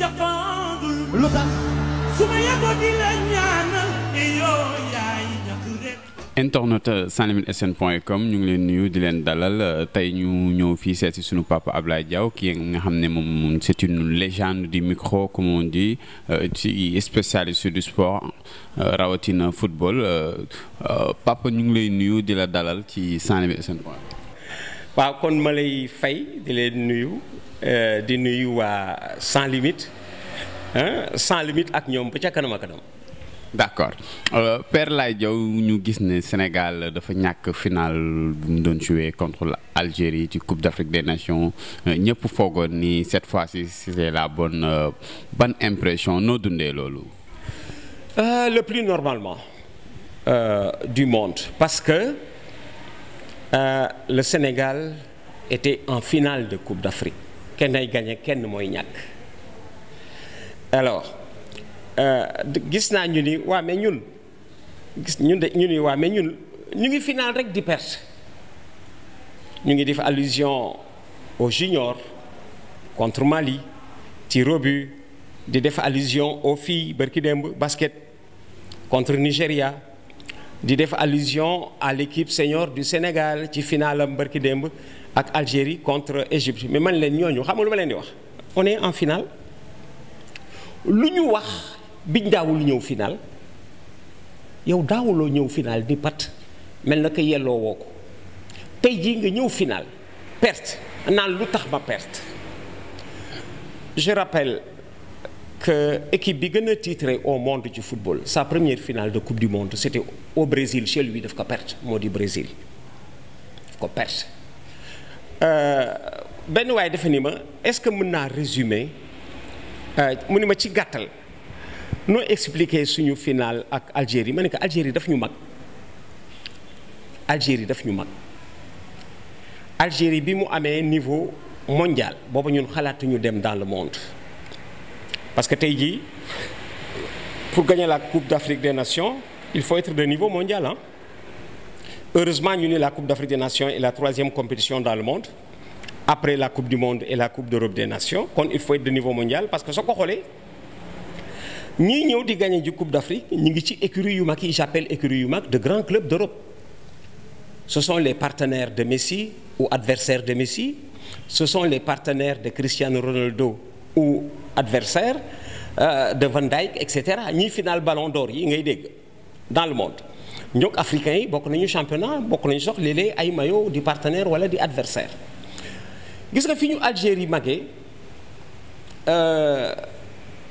jàppandul lu tax su ma yeboo di la ñaanal ne yow ñàkk rek internet euh, sn point ñu ngi leen nuyu di leen dalal euh, tey ñu ñëw fii seet si suñu papa Ablaye Diaw ki nga xam ne moom c'est une légende di micro comme di dit ci euh, spécialiste du sport rawatina football papa ñu ngi lay nuyu di la dalal ci sanslimite sn point waaw kon ma lay fay di leen nuyu euh, di nuyu waa sans limite ak ñoom ba ca kanam a kanam. d' accord euh, Père Laye ñu gis ne Sénégal dafa ñàkk final bu mu doon joué contre l'Algérie ci Coupe d' Afrique des Nations euh, ñëpp foogoon ni cette fois si c' la bonne euh, impression noo dundee loolu. Euh, le plus normalement du monde parce que. euh, le Sénégal était en finale de Coupe d'Afrique kenn ay gagné kenn mooy ñàkk alors euh, gis naa ñu ni waa ñun gis ñun de ñu ni ñun ñu ngi finale rek di perte ñu ngi def allusion aux juniors contre Mali ci robu di def allusion au filles bërki démb basket contre Nigéria di def allusion à l'équipe senior du Sénégal ci finalam bërki démb ak Algérie contre Égypte mais man leen ñooñu xam nga lu ma leen di wax on est en finale lu ñu wax biñ daawul ñëw final yow daawuloo ñëw final di pat mel na ko yelloo woo ko tey jii nga ñëw final perte naan lu tax ma perte je rappelle que équipe bi gën a tiitre au monde ci football sa première finale de coupe du monde c'était au Brésil chez lui daf ko perte moo di Brésil daf ko perte euh, benn waaye dafa ni ma est-ce que mën naa résumer euh, mu ni ma ci gàttal noo expliquer suñu finale ak Algérie ma ne ko Algérie daf ñu mag Algérie daf ñu mag Algérie bi mu amee niveau mondial booba ñun xalaatuñu dem dans le monde parce que tey jii pour gagner la Coupe d'Afrique des Nations il faut être de niveau mondial ah heureusement ñu ne la Coupe d'Afrique des Nations et la troisième compétition dans le monde après la Coupe du Monde et la Coupe d'Europe des Nations kon il faut être de niveau mondial parce que soo ko xoolee ñii ñëw di gagner ji Coupe d'Afrique ñu ngi ci écurie yu mag yi j'appelle écurie yu mag de grands clubs d'Europe ce sont les partenaires de Messi ou adversaires de Messi ce sont les partenaires de Cristiano Ronaldo ou adversaire euh, de Van Dijk et cetera ñiy final ballon d'or yi ngay dégg dans le monde ñoog africain yi bokk nañu championnat bokk nañu sox léeg-léeg ay mayo di partenaire wala di adversaire gis nga fi ñu Algérie magee euh,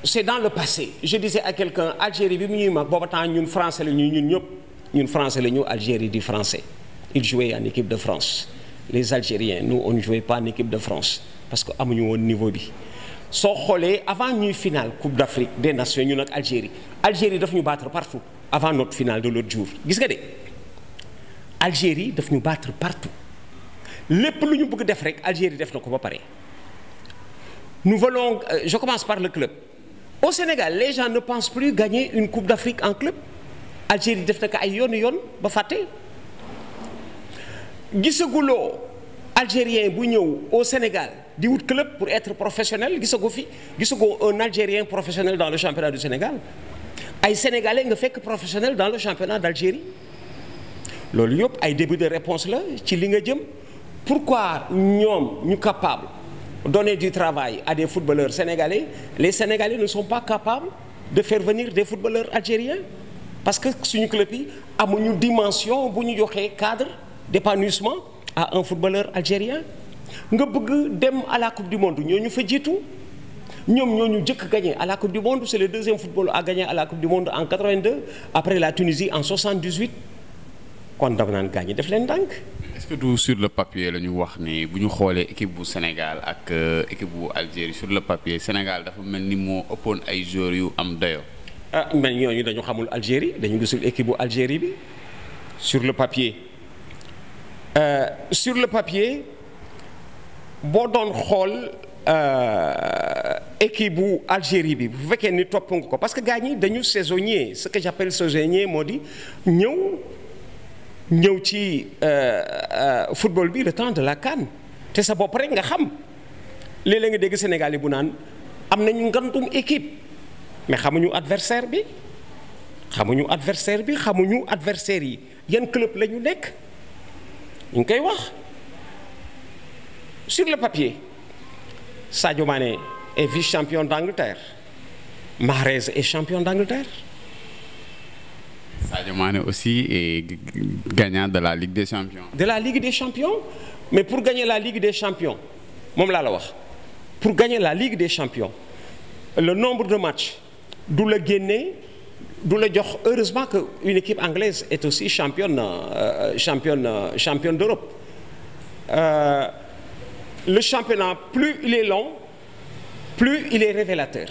c'est dans le passé je disais à quelqu'un Algérie bi mu ñuy mag booba tam ñun français la ñu ñun ñëpp ñun français la ñu Algérie di français il jouait en équipe de France les Algériens nous on ne jouait pas en équipe de France parce que amuñu woon niveau bi soo xoolee avant ñuy finale coupe d'Afrique des nations ñun ak Algérie Algérie daf ñu battre partout avant notre finale de l'autre jour gis nga de Algérie daf ñu battre partout lépp lu ñu bugg def rek Algérie def na ko ba pare. nous voulons euh, je commence par le club au Sénégal les gens ne pensent plus gagner une coupe d'Afrique en club Algérie def na ko ay yoon yoon ba fàtte gisaguloo algérien bu ñëw au Sénégal. di wut club pour être professionnel ko fi gisagoo un Algérien professionnel dans le championnat du Sénégal ay Sénégalais nga fekk professionnel dans le championnat d'Algérie loolu yëpp ay début de réponse la ci li nga jëm pourquoi ñoom ñu capable donner du travail à des footballeurs sénégalais les sénégalais ne sont pas capables de faire venir des footballeurs algériens parce que suñu club yi ñu dimension bu ñu joxee cadre d'épanouissement à un footballeur algérien nga bëgg dem à la coupe du monde ñoo ñu fa jiitu ñoom ñoo ñu jëkk gagné à la coupe du monde c'est le deuxième football à gagner à la coupe du monde en 82 après la Tunisie en kon dama naan gaañi def leen ndànk. est que sur le papier la ñu wax ni bu ñu xoolee équipe bu Sénégal ak euh, équipe bu Algérie sur le papier Sénégal dafa mel ni moo ëppoon ay joueurs yu am dayo ah mel mais ñooñu dañu xamul Algérie dañu gisul équipe bu Algérie bi sur le papier euh, sur le papier. boo doon xool euh, équipe bu Algérie bi bu fekkee ni topp nga ko parce que gars ñi dañu saisonnier ce que j'appelle saisonnier moo di ñëw ñëw ci euh, euh, football bi le temps de la CAN te sa bopp rek nga xam léeg-léeg nga dégg Sénégal yi bu naan am nañu ngantum équipe mais xamuñu adversaire bi xamuñu adversaire bi xamuñu adversaire yi yan club la ñu nekk ñu ngi koy wax. sur le papier Sadio Mané est vice-champion d'Angleterre Mahrez est champion d'Angleterre. Sadio Mané aussi est gagnant de la Ligue des champions. de la Ligue des champions mais pour gagner la Ligue des champions moom laa la wax pour gagner la Ligue des champions le nombre de matchs du la génne du la jox heureusement que une équipe anglaise est aussi championne euh, championne d'Europe. Euh, le championnat, plus il est long, plus il est révélateur.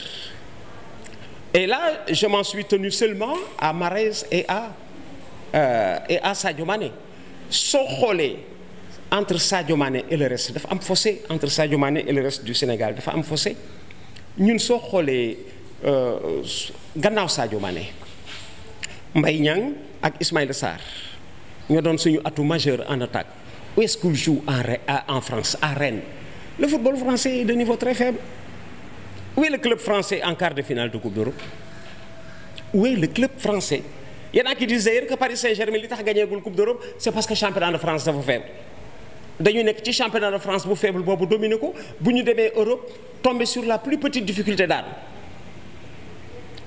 Et là, je m'en suis tenu seulement à Marez et à, euh, et à Sadio Mané. soo xoolee entre Sadio Mané et le reste dafa am fossé entre Sadio Mané et le reste du Sénégal dafa am fossé ñun soo xoolee euh, gannaaw Sadio Mané Mbaye Niang ak Ismaïla Sarr ñoo doon suñu atu majeur en attaque Où est-ce qu'il joue en, en France, à Rennes Le football français est de niveau très faible. Où est le club français en quart de finale de Coupe d'Europe Où est le club français Il y en a qui disent d'ailleurs que Paris Saint-Germain a gagné la Coupe d'Europe, c'est parce que le championnat de France est faible. dañu nekk ci championnat de France bu faible boobu dominé ko bu ñu demee Europe tombé sur la plus petite difficulté daal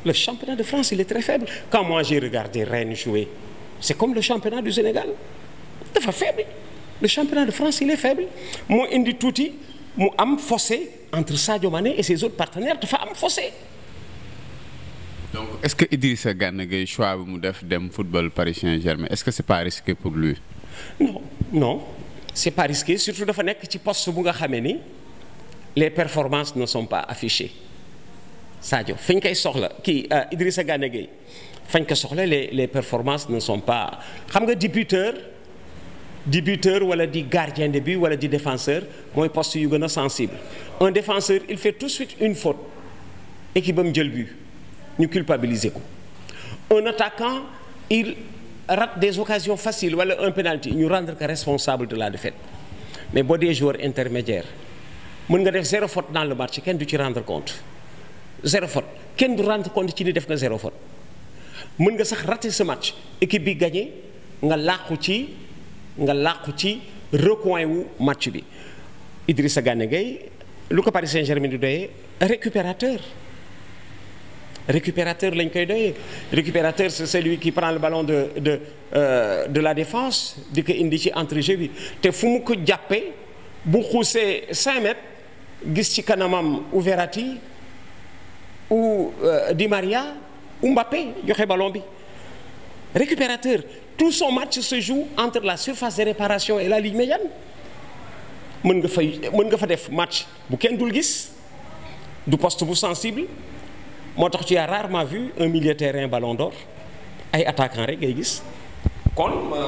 le championnat de France il est très faible quand moi j'ai regardé Rennes comme le championnat du Sénégal dafa faible le championnat de France il est faible moo indi tuuti mu am fossé entre Sadio Mané et ses autres partenaires dafa am fossé. donc est-ce que Idrissa Gana Gueye choix bi mu def dem football Paris Saint-Germain est-ce que c'est pas risqué pour lui. non non c'est pas risqué surtout dafa nekk ci poste bu nga xamee ni les performances ne sont pas affichées Sadio fañ koy soxla kii euh, Idrissa Gana Gueye fañ ko soxla les les performances ne sont pas xam nga débuteur. di buteur wala di gardien de but wala di défenseur mooy post yu gën a sensible un défenseur il fait tout suite une faute équipe am jël but ñu culpabiliser ko un attaquant il rate des occasions faciles wala un penalty ñu rendre que responsable de la défaite mais boo dee joueur intermédiaire mën nga def zéro faute dans le match kenn du ci rendre compte zéro faute kenn du rendre compte ci ni def nga zéro faute mën nga sax rater ce match équipe bi gagné nga làqu ci. nga làqu ci recoin wu match bi Idrissa Gana Gueye lu ko Paris Saint-Germain di doyee récupérateur récupérateur lañ koy doyee récupérateur c'est celui qui prend le ballon de de euh, de la défense di ko indi ci entrejeu bi te fu mu ko jàppee bu xuusee 5 mètres gis ci kanamam ou Verratti ou euh, Di Maria ou Mbappé joxe ballon bi récupérateur tout son match se joue entre la surface de réparation et la ligne médiane mën nga fay mën nga fa def match bu kenn dul gis du poste bu sensible moo tax ci as rarement vu un milieu terrain ballon d'or ay attaquant rek ngay gis kon euh,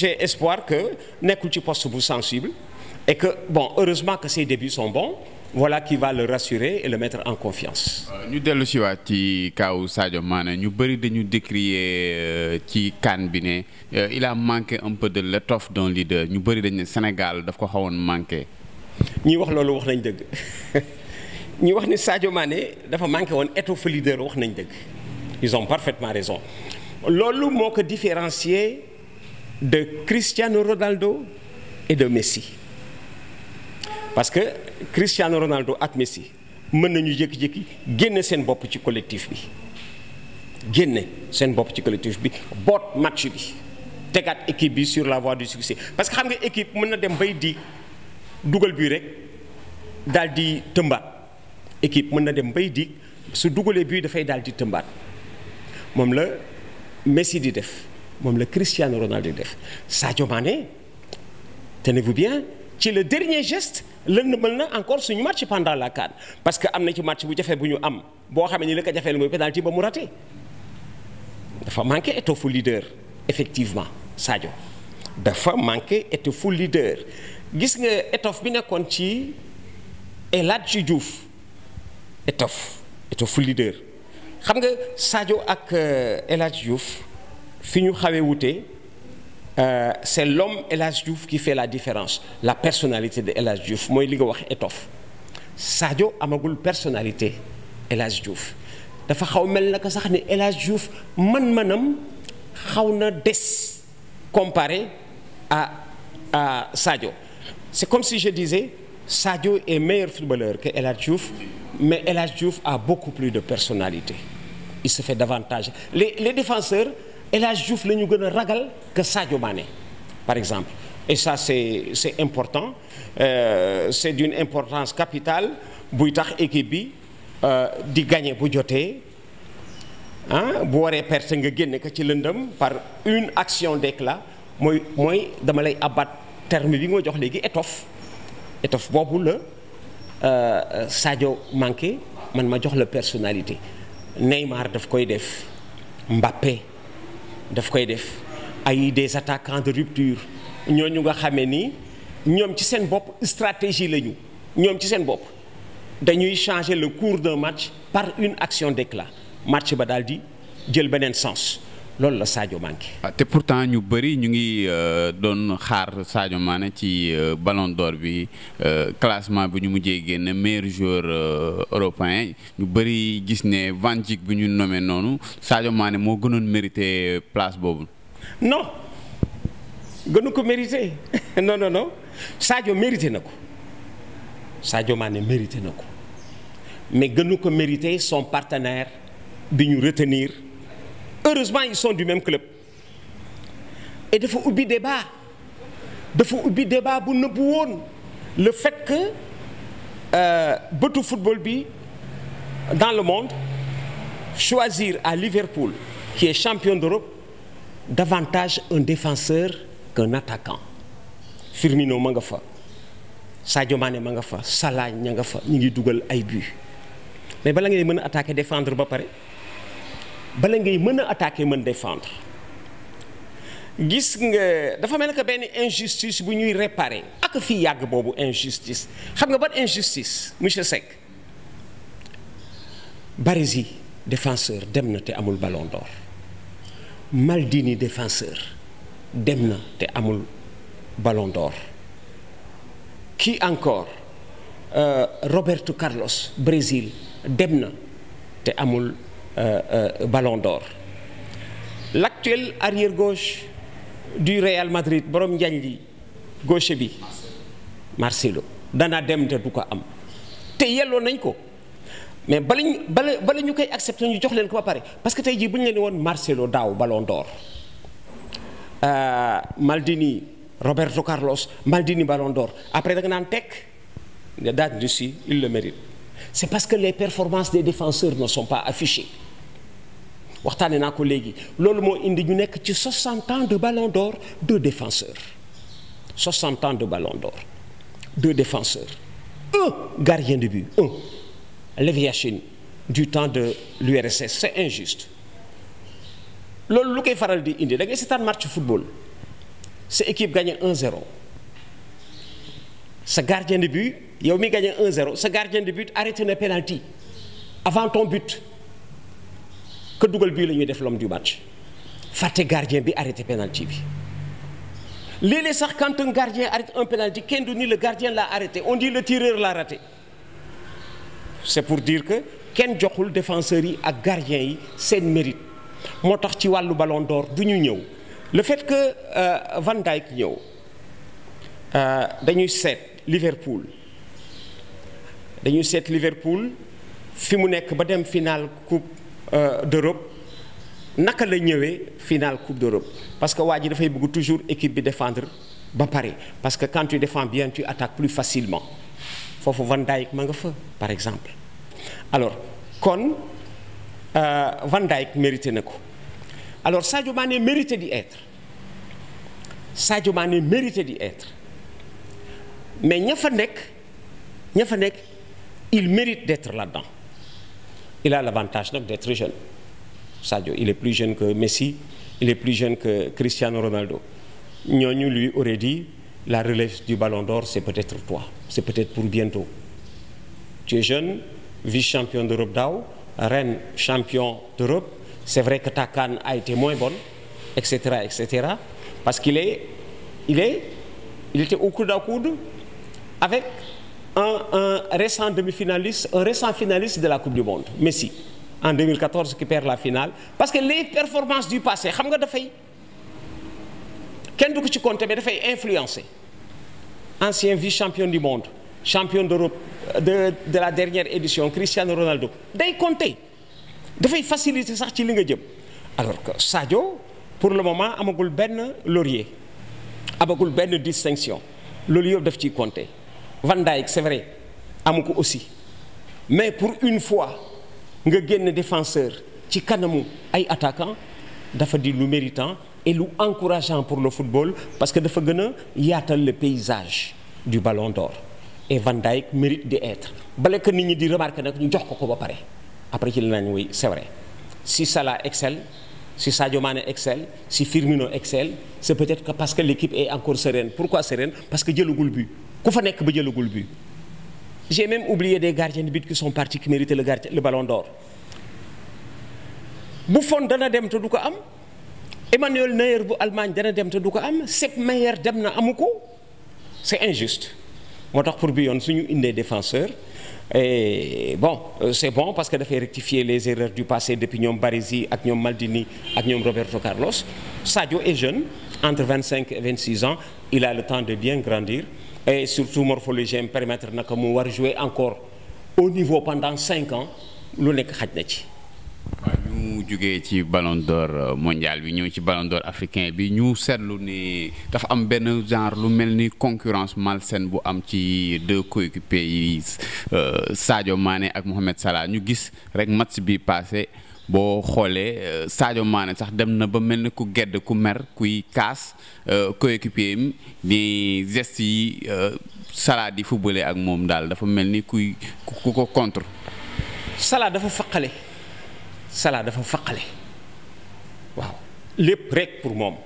j'ai espoir que nekkul ci post bu sensible et que bon heureusement que ses débuts sont bons voilà qui va le rassurer et le mettre en confiance. Euh, ñu dellu si waat ci kaaw Sadio Mané ñu bëri dañu décrier euh, ci CAN bi ne euh, il a manqué un peu de l'étoffe d'un leader ñu bëri dañ ne Sénégal daf ko xawoon manqué. ñi wax loolu wax nañ dëgg ñi wax ni Sadio Mané dafa manqué woon étoffe leader wax nañ dëgg ils ont parfaitement raison loolu moo ko différencier de Cristiano Ronaldo et de Messi parce Cristiano Ronaldo ak Messi mën nañu jékki-jékki génne seen bopp ci collectif bi génne seen bopp ci collectif bi boot match bi tegaat équipe bi sur la voie du succès parce que xam nga équipe mën na dem bay di dugal bii rek daal di tëmbaat équipe mën na dem bay di su dugalee bii dafay daal di tëmbaat moom la Messi di def moom la Cristiano Ronaldo di def Sadio Mané tenez-vous bien. ci le dernier geste lëndëmal na encore suñu match pendant la CAN parce que am na ci match bu jafe bu ñu am boo xamee ni la ko jafeel mooy penalty ba mu raté dafa manqué étoffu leader effectivement Sadio dafa manqué étoffu leader gis nga étoffe bi nekkoon ci El Hadji Diouf étoffe étoffu leader xam nga Sadio ak euh, El Hadji Diouf fi ñu xawee wute. Euh, c'est l'homme El jouf Diouf qui fait la différence la personnalité de El Hadj Diouf mooy li nga wax étoffe Sadio amagul personnalité El jouf dafa xaw mel naka sax ni El Hadj Diouf man-manam xaw na des comparé à à Sadio c'est comme si je disais Sadio est meilleur footballeur que El Hadj mais El Hadj Diouf a beaucoup plus de personnalité il se fait davantage les les El Hadj Diouf la ñu gën a ragal que Sadio Mané par exemple et ça c'est c'est important euh, c'est d'une importance capitale buy tax équipe bi euh, di gagner bu jotee ah bu waree perte nga génne ko ci lëndam par une action d'éclat mooy mooy dama lay abat terme bi nga jox léegi étoffe étoffe boobu la euh, Sadio manqué man ma jox la personnalité Neymar daf koy def Mbappé. daf koy def ay des attaquants de rupture ñooñu nga xamee ni ñoom ci seen bopp stratégie lañu ñoom ci seen bopp dañuy changer le cours d'un match par une action d'éclat match ba daal di jël beneen sens. loolu la Sadio manqué. Ah, te pourtant ñu bëri ñu ngi euh, doon xaar Sadio Mané ci euh, Ballon d'Or bi euh, classement bi ñu mujjee génn meilleur joueur européen ñu bëri gis ne Van Dijk bi ñu nomee noonu saajo maane moo gënoon mérité place boobu. non gënu ko mérité non non non Sadio mérité na ko Sadio Mané mérité na ko mais gënu ko mérité son partenaire bi ñu retenir. heureusement ils soon du même club et dafa ubbi débat dafa ubbi débat bu nëbbu woon le fait que euh, bëtu football bi dans le monde choisir à Liverpool qui est champion d'Europe davantage un défenseur qu'un attaquant Firmino ma nga fa Sadio Mané ma nga fa Salah ña nga fa ñu ngi dugal ay buts mais bala ngay mën a attaquer défendre ba pare bala ngay mën a attaquer mën défendre gis nga dafa mel ne benn injustice bu ñuy réparer ak fi yàgg boobu injustice xam nga ba injustice monsieur Seck barisi défenseur dem na te amul ballon d'or Maldini défenseur dem na te amul ballon d'or kii encore euh, Roberto Carlos Brésil dem na te amul Euh, euh, ballon d'or l'actuel arrière gauche du Real Madrid borom njañ li gauche bi Marcelo dana dem te du ko am te yelloo nañ ko mais bala ñu bala bala ñu koy accepté ñu jox leen ko ba pare parce que tey jii bu ñu leen woon Marcelo daaw ballon d'or euh, Maldini Roberto Carlos Maldini ballon d'or après da nga naan tekk daal di si il le mérite. c'est parce que les performances des défenseurs ne sont pas affichées waxtaane naa ko léegi loolu moo indi ñu nekk ci 60 ans de ballon d'or deux défenseurs 60 ans de ballon d'or deux défenseurs un gardien de but un Levyachin du temps de l'URSS c'est injuste loolu lu koy faral di indi da ngay seetaan match football sa équipe gagne 1-0 sa gardien de but yow mi gagné un 0 sa gardien de but arrêté na penalty avant ton but que dugal bii la ñuy def l'homme du match fàtte gardien bi arrêté penalty bi léeg-léeg sax quand un gardien arrête un penalty kenn du ni le gardien l'a arrêté on dit le tireur l'a raté c'est pour dire que kenn joxul défenseurs yi ak gardiens yi seen mérite moo tax ci wàllu ballon d'or du ñu ñëw le fait que euh, Van Dijk ñëw euh, dañuy seet. Liverpool dañu seet Liverpool fi mu nekk ba dem finale coupe euh, d'Europe naka la ñëwee finale coupe d'Europe parce que waa ji dafay bëgg toujours équipe bi défendre ba pare parce que quand tu défends bien tu plus facilement foofu Van Dijk ma nga fa par exemple alors kon euh, Van Dijk mérité na ko alors Sadio Mané mérité d'y être Sadio Mané mérité d'y être mais ña fa nekk ña fa nekk il mérite d'être là-dedans il a l'avantage nag d'être jeune Sadio il est plus jeune que Messi il est plus jeune que Cristiano Ronaldo ñooñu lui aurait dit la relève du Ballon d'Or c'est peut-être toi c'est peut-être pour bientôt tu es jeune vice-champion d'Europe daaw ren champion d'Europe c'est vrai que ta CAN a été moins bonne etc etc parce qu'il est il était au coude à coude avec un un récent demi-finaliste un récent finaliste de la coupe du monde Messi en 2014 qui perd la final parce que les performances du passé xam nga dafay kenn du ci compter bi dafay influencer ancien vice-champion du monde champion d'Europe de de la dernière édition Cristiano Ronaldo day compter dafay faciliter sax ci li nga jëm alors que Sadio pour le moment amagul benn laurier amagul benn distinction loolu yëpp daf ciy compter. Van Dijk c'est vrai amu ko aussi mais pour une fois nga génn défenseur ci kanamu ay attaquant dafa di lu méritant et lu encourageant pour le football parce que dafa gën a yaatal le paysage du ballon d'or et Van Dijk mérite d'être bala que nit ñi di remarquer nag ñu jox ko ko ba pare après ci la nañ woy c'est vrai si Salah excelle si Sadio Mané si Firmino excelle c'est peut-être que parce que l'équipe est encore sereine pourquoi sereine parce que jëlagul but ku fa nekk ba jëlagul bi j'ai même oublié des gardiens de but qui parti partis qui méritaient le gardien le ballon d'or Buffon dana dem te du ko am Emmanuel Neuer bu Allemagne dana dem te du ko am Sepp Maier dem na amu ko c'est injuste moo tax pour bi yoon suñu indee défenseur et bon euh, c'est bon parce que dafay rectifier les erreurs du passé depuis ñoom Baresi ak ñoom Maldini ak ñoom Roberto Carlos Sadio est jeune entre vingt-cinq et vingt-six ans il a le temps de bien et surtout morphologie am permettre naka mu war jouer encore au niveau pendant cinq ans lu nekk xaj na ci. waaw ñu jógee ci ballon d'or euh, mondial bi ñëw ci ballon d'or africain bi ñu seetlu ni dafa am benn genre lu mel ni concurrence malsaine bu am ci de deux coéquipiers yi euh, Sadio Mané ak Mohamed Salah ñu gis rek match bi passé. boo xoolee euh, Sadio Mané sax dem na ba mel ni ku gedd ku mer kuy kaas euh, coéquipier am ni geste yi euh, Salah di footballé ak moom daal dafa mel ni kuy ku ko contre. Salah dafa faqale Salah dafa faqale waaw lépp rek pour moom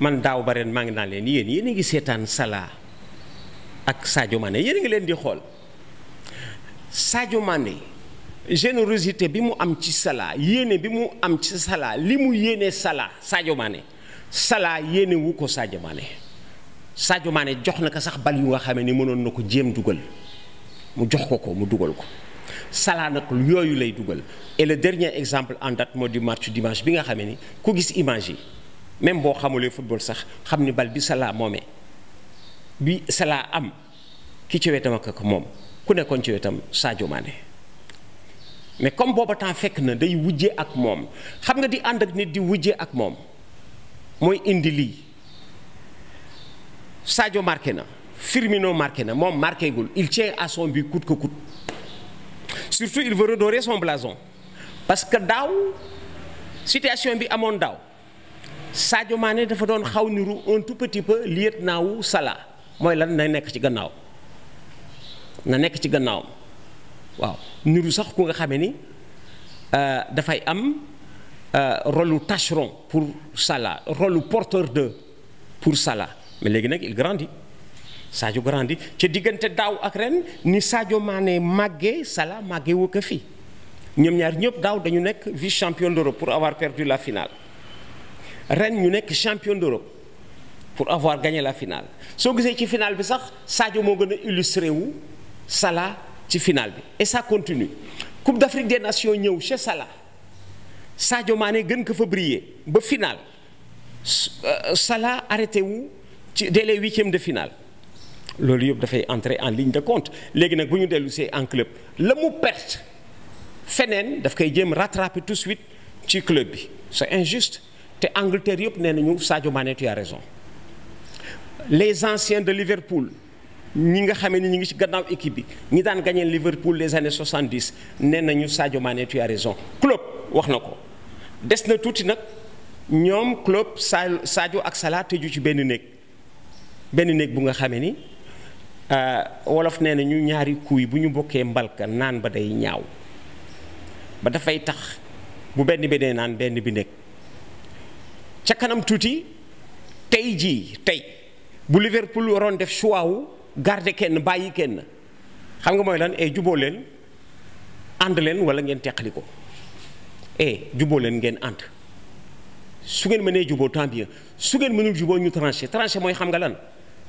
man daaw ba ren maa ngi naan leen yéen yéen a ngi seetaan Salah ak Sadio Mané yéen ngi leen di xool Sadio Mané. générosité bi mu am ci Salah yéene bi mu am ci Salah li mu yéene Salah Sadio Mané Salah yéene wu ko Sadio Mané Sadio Mané jox na ko sax bal yu nga xamee ni mënoon na ko jéem dugal mu jox ko ko mu dugal ko Salah nag yooyu lay dugal et le dernier exemple en date moo di match dimanche bi nga xamee ni ku gis image yi même boo xamulee football sax xam ni bal bi Salah moome bi salaa am ki ci wetam ak moom ku nekkoon ci wetam Sadio Mané mais comme booba temps fekk na day wujje ak moom xam nga di ànd ak nit di wujje ak moom mooy indi lii Sadio marqué na Firmino marqué na moom marqué gul il tient à son but coûte que coûte surtout il veut redorer son parce que daaw situation bi amoon daaw Sadio Mané dafa doon xaw niru un tout petit peu liet naawu Salah mooy lan na nekk ci gannaaw na nekk ci gannaawam. waaw niru sax ku nga xamee ni euh, dafay am euh, rôle lu tâcheron pour Salah rôle lu porteur de pour sala mais léegi nag il grandit Sadio grandi ca diggante daaw ak ren ni Sadio Mané màggee sala màggee wu ko ñoom ñaar ñëpp daaw dañu nekk vice champion d'Europe pour avoir perdu la final ren ñu nekk champion d'Europe pour avoir gagné la final soo gisee ci finale bi sax Sadio moo gën a illustré wu ci final bi et ça continue Coupe d'Afrique des Nations ñëw chez Salah Sadio Mané gën ko fa briller ba final euh, sala arrêté wu ci dès les huitièmes de finale loolu yëpp dafay entrer en ligne de compte léegi nag bu ñu dellusee see en club la mu perte feneen daf koy jëm rattraper tout suite ci club bi c'est injuste te Angleterre yëpp nee nañu Sadio Mané raison les anciens de Liverpool. ñi nga xamee ni ñu ngi ci gannaaw équipe bi ñi daan gagné Liverpool les années 70 nee nañu Sadio Mané tu as raison Klopp wax na ko des na tuuti nag ñoom Klopp Sadio ak Salah tëju ci benn néeg benn néeg bu nga xame ni euh, wolof nee na ñu ñaari kuy bu ñu bokkee mbalka naan ba day ñaaw ba dafay tax bu benn bi dee naan benn bi nekk ca kanam tuuti tey jii tey bu Liverpool waroon def choix garde kenn bàyyi kenn xam nga mooy lan e juboo leen ànd leen wala ngeen teqali ko e juboo leen ngeen ànd su ngeen mënee juboo tant su ngeen mënul juboo ñu tranché tranché mooy xam nga lan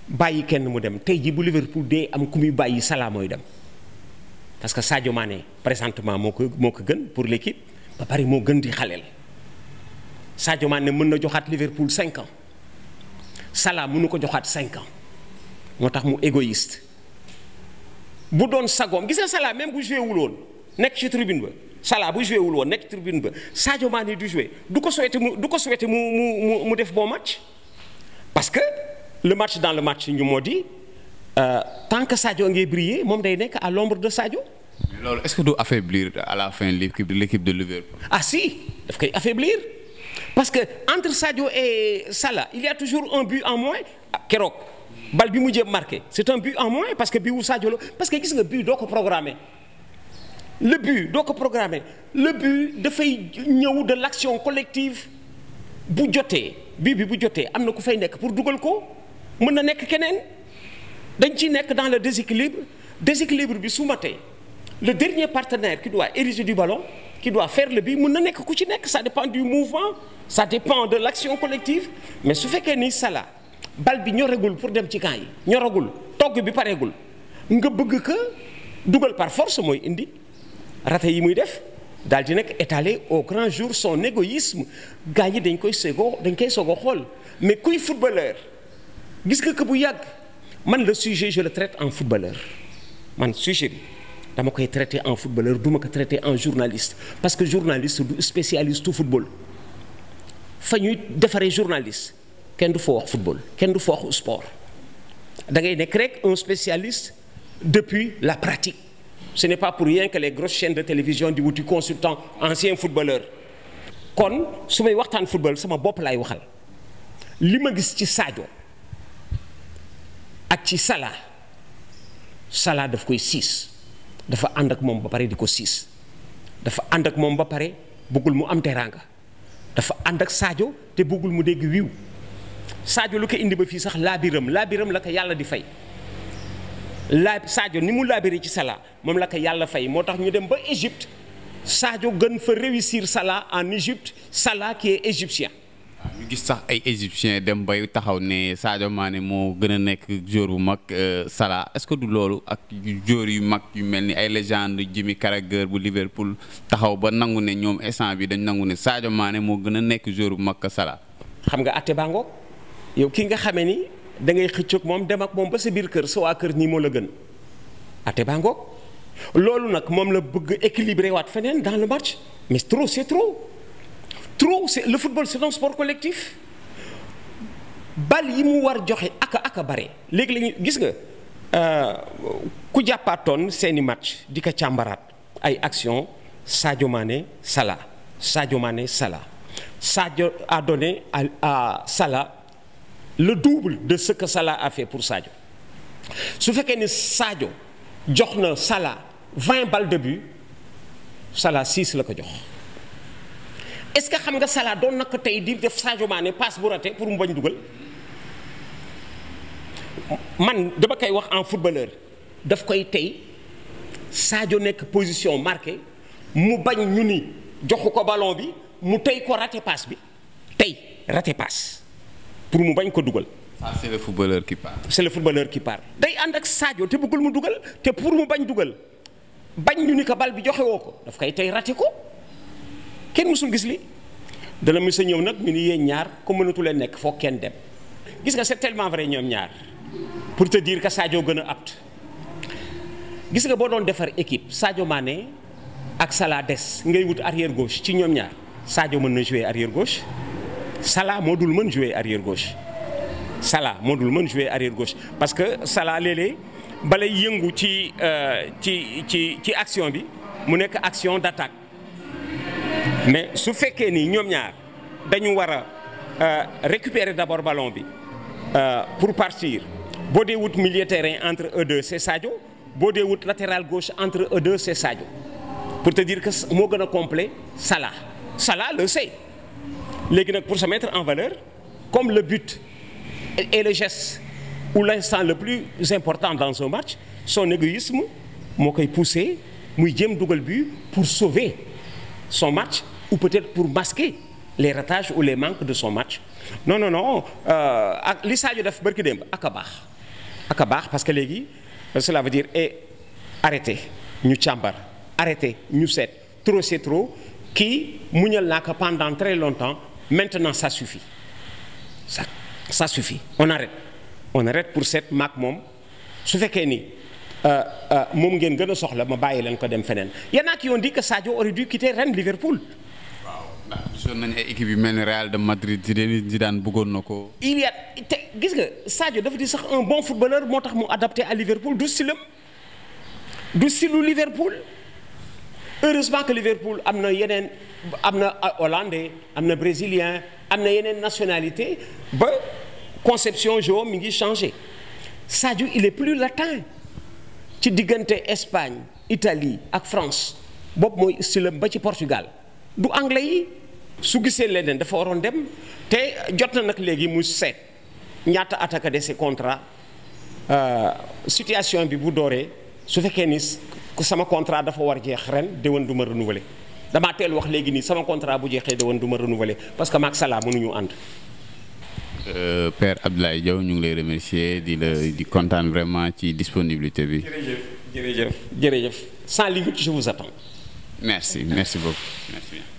bàyyi kenn mu dem tey ji bu Liverpool dee am ku muy bàyyi Salah mooy dem parce que Sadio Mané présentement moo ko moo ko gën pour l'équipe ba pare moo gën di xaleel Sadio Mané mën na joxaat Liverpool cinq ans Salah mënu ko joxaat cinq ans. moo tax mu égoïste bu doon sagoom gis nga même bu joué wul woon nekk ci tribune ba Salah bu joué wul woon nekk tribune ba Sadio Mané du joué du ko souhaité mu du ko souhaité mu mu mu def boo match parce que le match dans le match ñu moo di euh, tant que Sadio ngay briller moom day nekk à l'ombre de Sadio. loolu est-ce que du affaiblir à la fin l'équipe de l'équipe de Liverpool. ah si daf koy affaiblir parce que entre Sadio et Salah il y toujours un but en moins ah, keroog. bal bi mu jéem marqué c'est un but en moins parce que bii wu Sadio la parce que gis nga but doo ko programmé le but doo ko programmé le but dafay ñëw de l'action collective bu jotee but bi bu jotee am na ku fay nekk pour dugal ko mën na nekk keneen dañ ci nekk dans le déséquilibre déséquilibre bi su matee le dernier partenaire ki doit ériger du ballon qui doit faire le but mën na nekk ku ci nekk ça dépend du mouvement ça dépend de l'action collective mais su ni Salah bal bi ñoragul pour dem ci camp yi ñoragul togg bi pareegul nga bëgg que dugal par force mooy indi rate yi muy def daal di nag étaler au grand jour son égoïsme gars yi dañ koy segoo dañ koy sogo xool mais kuy footballeur gis nga que bu yàgg man le sujet je le traite en footballeur man sujet bi dama koy traité en footballeur duma ko traité en journaliste parce que journaliste du spécialiste du football fa ñuy defaree journaliste kenn du fa wax football kenn du fa wax sport da ngay nekk rek un spécialiste depuis la pratique ce n'est pas pour rien que les de télévision di wuti consultant ancien footballeur kon su may waxtaan football sama bopp laay waxal li ma gis ci Sadio ak ci Salah Salah daf koy siis dafa ànd ak moom ba pare di ko siis dafa ànd ak moom ba pare bëggul mu am teraanga dafa ànd ak Sadio te buggul mu dégg wiiw Sadio lu ko indi ba fii sax laabiram laabiram la ko yàlla di fay laa Sadio ni mu laabiree ci Salah moom la yàlla fay moo tax ñu dem ba Égypte Sadio gën fa réussir Salah en Égypte Salah qui est ah, ñu gis sax ay égyptiens dem bay taxaw ne Sadio maane moo gën a nekk joueur bu mag euh, Salah est-ce du loolu ak joueur yu mag yu mel ni ay légende Jimmy Carragher bu Liverpool taxaw ba nangu ne ñoom instant bi dañ nangu ne Sadio maane moo gën a nekk joueur bu mag Salah. yow ki nga xamee ni dangay xëcc xëccoog moom dem ak moom ba sa biir kër sa waa kër nii moo la gën ate baa ngoog loolu nag moom la bëgg équilibré waat feneen dans le match mais trop c'est trop trop c'est le football c'est un sport collectif bal yi mu war joxe aka aka bare léegi lañu gis nga euh, ku jàppaatoon seeni match di ko càmbaraat ay action Sadio Mané Salah Sadio Mané Salah Sadio a donné Salah le double de ce que Salah pour Sadio su fekkee ni saajo jox na Salah vingt balles de but Salah 6 la ko jox est-ce que xam nga Salah doon na ko tey di def Sadio Mané passe bu raté pour mu bañ dugal man dama koy wax en footballeur daf koy tey Sadio nekk position marqué mu bañ ñu ni joxu ko ballon bi mu tey ko raté passe bi tey raté passe. pour mu bañ ko dugal. ah c'est le footballeur qui part. c'est day ànd ak Sadio te bëggul mu dugal te pour mu bañ dugal bañ lu ni ko bal bi joxewoo ko daf koy tey raté ko kenn mësul gis li dana mës a ñëw nag ñu ni yéen ñaar ko mënatu leen nekk foog kenn dem. gis nga c'est tellement vrai ñoom ñaar pour te diir que Sadio gën a gis nga boo doon defar équipe Sadio Mané ak Salah des ngay wut arrière gauche ci ñoom ñaar saajo mën na jouer arrière gauche. Salah moo dul mën jouer arrière gauche Salah moo mën jouer arrière gauche parce que Salah léeg bala yëngu ci euh, ci ci ci action bi mu nekk action d'attaque mais su fekkee nii ñoom ñaar dañu war a euh, récupérer d'abord ballon bi euh, pour partir boo dee wut milieu terrain entre eux deux c'est Sadio boo dee wut latéral gauche entre eux deux c'est Sadio pour te dire que moo gën a complet Salah Salah le léegi nag pour se mettre en valeur comme le but est le geste ou l'instant le plus important dans un match son égoïsme moo koy poussé muy jéem dugal bi pour sauver son match ou peut-être pour masquer les ratages ou les manques de son match non non non euh, ak li Sadio def barki démb ak a baax ak a baax parce que léegi euh, cela veut dire et eh, arrêté ñu càmbar arrêté ñu seet trop c'est trop kii muñal naa ko pendant très longtemps maintenant ça suffit ça ça on arrête on arrête pour set maak moom su fekkee ni euh, euh, moom ngeen gën a soxla ma bàyyi leen ko dem feneen yéen ak yoon di que Sadio aurait dû quitter ren Liverpool. waaw gisoon nañu ay équipe yu mel ni Real de Madrid di daan bëggoon na ko. il y te gis nga Sadio dafa di sax un bon footballeur moo tax mu adapté à Liverpool du style am du style Liverpool. heureusement que Liverpool am na yeneen am na hollandais am na brésilien am na yeneen nationalité ba conception jeu mi ngi changé Sadio il est plus latin ci diggante Espagne Italie ak France bopp mooy style ba ci Portugal du anglais yi su gisee leneen dafa waroon dem te jot na nag léegi mu seet ñaata attaque de ses contrats euh, situation bi bu dooree su fekkee ni ku sama contrat dafa war jeex ren déwén du ma renouveler damaa teel wax léegi nii sama contrat bu jeexee déwén du ma renouveler parce que maag Salah mënuñu ànd. Euh, Père Abdoulaye jaw ñu ngi lay remercier di la di kontaan vraiment ci disponibilité bi. jërëjëf jërëjëf jërëjëf sans limite je vous attends. merci merci beaucoup